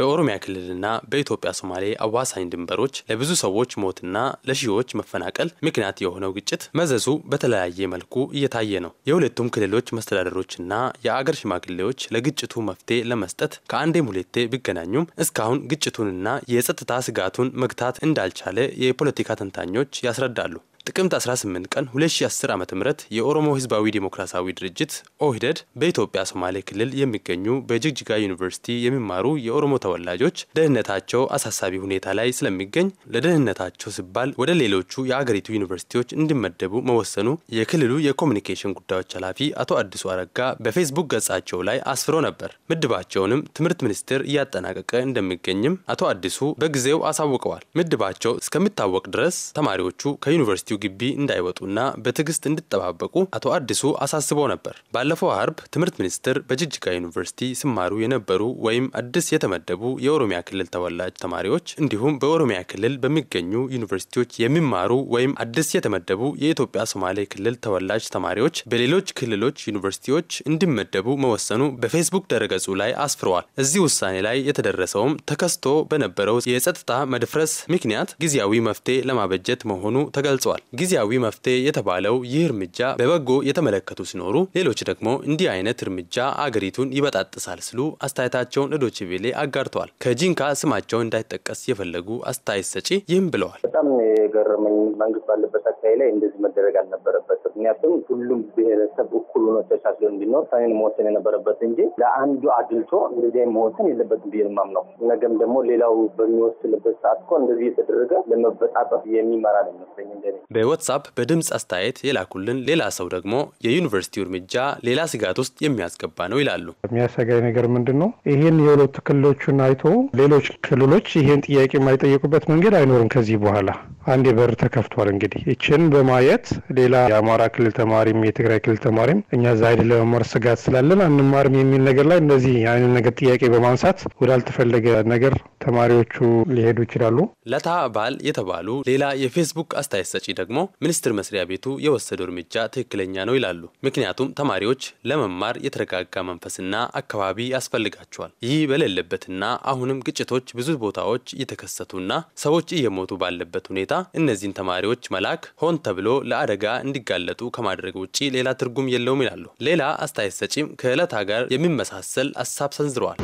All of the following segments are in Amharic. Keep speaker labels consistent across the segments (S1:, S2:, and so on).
S1: በኦሮሚያ ክልልና በኢትዮጵያ ሶማሌ አዋሳኝ ድንበሮች ለብዙ ሰዎች ሞትና ለሺዎች መፈናቀል ምክንያት የሆነው ግጭት መዘዙ በተለያየ መልኩ እየታየ ነው። የሁለቱም ክልሎች መስተዳደሮችና የአገር ሽማግሌዎች ለግጭቱ መፍትሄ ለመስጠት ከአንዴም ሁለቴ ቢገናኙም እስካሁን ግጭቱንና የጸጥታ ስጋቱን መግታት እንዳልቻለ የፖለቲካ ተንታኞች ያስረዳሉ። ጥቅምት 18 ቀን 2010 ዓ ም የኦሮሞ ህዝባዊ ዴሞክራሲያዊ ድርጅት ኦህደድ በኢትዮጵያ ሶማሌ ክልል የሚገኙ በጅግጅጋ ዩኒቨርሲቲ የሚማሩ የኦሮሞ ተወላጆች ደህንነታቸው አሳሳቢ ሁኔታ ላይ ስለሚገኝ ለደህንነታቸው ሲባል ወደ ሌሎቹ የአገሪቱ ዩኒቨርሲቲዎች እንዲመደቡ መወሰኑ የክልሉ የኮሚኒኬሽን ጉዳዮች ኃላፊ አቶ አዲሱ አረጋ በፌስቡክ ገጻቸው ላይ አስፍሮ ነበር። ምድባቸውንም ትምህርት ሚኒስቴር እያጠናቀቀ እንደሚገኝም አቶ አዲሱ በጊዜው አሳውቀዋል። ምድባቸው እስከሚታወቅ ድረስ ተማሪዎቹ ከዩኒቨርሲቲ ዩኒቨርሲቲው ግቢ እንዳይወጡና በትዕግስት እንዲጠባበቁ አቶ አዲሱ አሳስበው ነበር። ባለፈው አርብ ትምህርት ሚኒስትር በጅጅጋ ዩኒቨርሲቲ ሲማሩ የነበሩ ወይም አዲስ የተመደቡ የኦሮሚያ ክልል ተወላጅ ተማሪዎች እንዲሁም በኦሮሚያ ክልል በሚገኙ ዩኒቨርሲቲዎች የሚማሩ ወይም አዲስ የተመደቡ የኢትዮጵያ ሶማሌ ክልል ተወላጅ ተማሪዎች በሌሎች ክልሎች ዩኒቨርሲቲዎች እንዲመደቡ መወሰኑ በፌስቡክ ደረገጹ ላይ አስፍረዋል። እዚህ ውሳኔ ላይ የተደረሰውም ተከስቶ በነበረው የጸጥታ መድፍረስ ምክንያት ጊዜያዊ መፍትሄ ለማበጀት መሆኑ ተገልጿል። ተናግረዋል። ጊዜያዊ መፍትሄ የተባለው ይህ እርምጃ በበጎ የተመለከቱ ሲኖሩ፣ ሌሎች ደግሞ እንዲህ አይነት እርምጃ አገሪቱን ይበጣጥሳል ሲሉ አስተያየታቸውን ለዶችቬሌ አጋርተዋል። ከጂንካ ስማቸው እንዳይጠቀስ የፈለጉ አስተያየት ሰጪ ይህም ብለዋል።
S2: በጣም የገረመኝ መንግስት ባለበት አካባቢ ላይ እንደዚህ መደረግ አልነበረበት። ምክንያቱም ሁሉም ብሔረሰብ እኩል ሆኖ ተቻችሎ እንዲኖር ሳይን መወሰን የነበረበት እንጂ ለአንዱ አድልቶ እንደዚህ መወሰን የለበትም ብዬ የማምነው ነገም ደግሞ ሌላው በሚወስንበት ሰዓት እኮ እንደዚህ የተደረገ ለመበጣጠፍ የሚመራ ነው ይመስለኝ
S1: እንደኔ በዋትሳፕ በድምፅ አስተያየት የላኩልን ሌላ ሰው ደግሞ የዩኒቨርሲቲው እርምጃ ሌላ ስጋት ውስጥ የሚያስገባ ነው ይላሉ።
S2: የሚያሰጋኝ ነገር ምንድን ነው? ይህን የሁለቱ ክልሎቹን አይቶ ሌሎች ክልሎች ይህን ጥያቄ የማይጠየቁበት መንገድ አይኖርም ከዚህ በኋላ። አንድ በር ተከፍቷል። እንግዲህ ይችን በማየት ሌላ የአማራ ክልል ተማሪም የትግራይ ክልል ተማሪም እኛ እዛ ሄደን ለመማር ስጋት ስላለን አንማርም የሚል ነገር ላይ እነዚህ አይነት ነገር ጥያቄ በማንሳት ወዳልተፈለገ ነገር ተማሪዎቹ ሊሄዱ ይችላሉ።
S1: ለታ አባል የተባሉ ሌላ የፌስቡክ አስተያየት ሰጪ ደግሞ ሚኒስቴር መስሪያ ቤቱ የወሰደው እርምጃ ትክክለኛ ነው ይላሉ። ምክንያቱም ተማሪዎች ለመማር የተረጋጋ መንፈስና አካባቢ ያስፈልጋቸዋል። ይህ በሌለበትና አሁንም ግጭቶች ብዙ ቦታዎች እየተከሰቱና ሰዎች እየሞቱ ባለበት ሁኔታ እነዚህን ተማሪዎች መላክ ሆን ተብሎ ለአደጋ እንዲጋለጡ ከማድረግ ውጭ ሌላ ትርጉም የለውም ይላሉ። ሌላ አስተያየት ሰጪም ከዕለታ ጋር የሚመሳሰል ሀሳብ ሰንዝረዋል።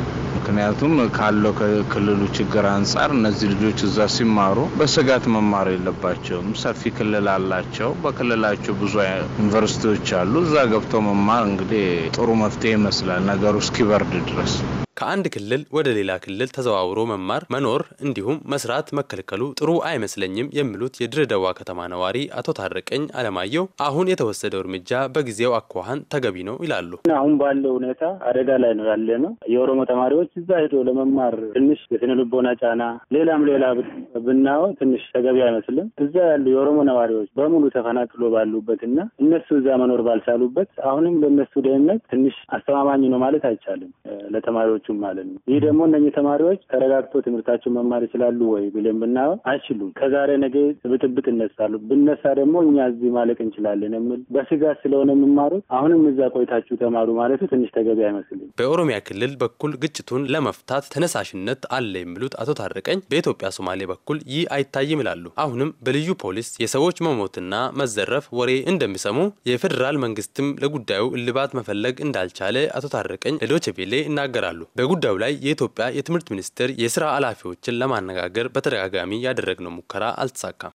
S2: ምክንያቱም ካለው ከክልሉ ችግር አንጻር እነዚህ ልጆች እዛ ሲማሩ በስጋት መማር የለባቸውም። ሰፊ ክልል አላቸው። በክልላቸው ብዙ ዩኒቨርሲቲዎች አሉ። እዛ ገብተው መማር እንግዲህ ጥሩ መፍትሄ ይመስላል ነገሩ እስኪበርድ ድረስ።
S1: ከአንድ ክልል ወደ ሌላ ክልል ተዘዋውሮ መማር፣ መኖር እንዲሁም መስራት መከልከሉ ጥሩ አይመስለኝም የሚሉት የድሬዳዋ ከተማ ነዋሪ አቶ ታረቀኝ አለማየሁ አሁን የተወሰደው እርምጃ በጊዜው አኳኋን ተገቢ ነው ይላሉ።
S2: አሁን ባለው ሁኔታ አደጋ ላይ ነው ያለ ነው። የኦሮሞ ተማሪዎች እዛ ሄዶ ለመማር ትንሽ የስነ ልቦና ጫና፣ ሌላም ሌላ ብናው ትንሽ ተገቢ አይመስልም። እዛ ያሉ የኦሮሞ ነዋሪዎች በሙሉ ተፈናቅሎ ባሉበትና እነሱ እዛ መኖር ባልቻሉበት አሁንም ለእነሱ ደህንነት ትንሽ አስተማማኝ ነው ማለት አይቻልም። ለተማሪዎቹም ማለት ነው። ይህ ደግሞ እነኚህ ተማሪዎች ተረጋግቶ ትምህርታቸው መማር ይችላሉ ወይ ብለን ብናየው አይችሉም። ከዛሬ ነገ ብጥብጥ ይነሳሉ። ብነሳ ደግሞ እኛ እዚህ ማለቅ እንችላለን የሚል በስጋት ስለሆነ የሚማሩት አሁንም እዛ ቆይታችሁ ተማሩ ማለቱ ትንሽ ተገቢ አይመስልም።
S1: በኦሮሚያ ክልል በኩል ግጭቱን ለመፍታት ተነሳሽነት አለ የሚሉት አቶ ታረቀኝ በኢትዮጵያ ሶማሌ በኩል ይህ አይታይም ይላሉ። አሁንም በልዩ ፖሊስ የሰዎች መሞትና መዘረፍ ወሬ እንደሚሰሙ የፌዴራል መንግስትም ለጉዳዩ እልባት መፈለግ እንዳልቻለ አቶ ታረቀኝ ለዶቼ ቬለ ይናገራሉ። በጉዳዩ ላይ የኢትዮጵያ የትምህርት ሚኒስቴር የስራ ኃላፊዎችን ለማነጋገር በተደጋጋሚ ያደረግነው ሙከራ አልተሳካም።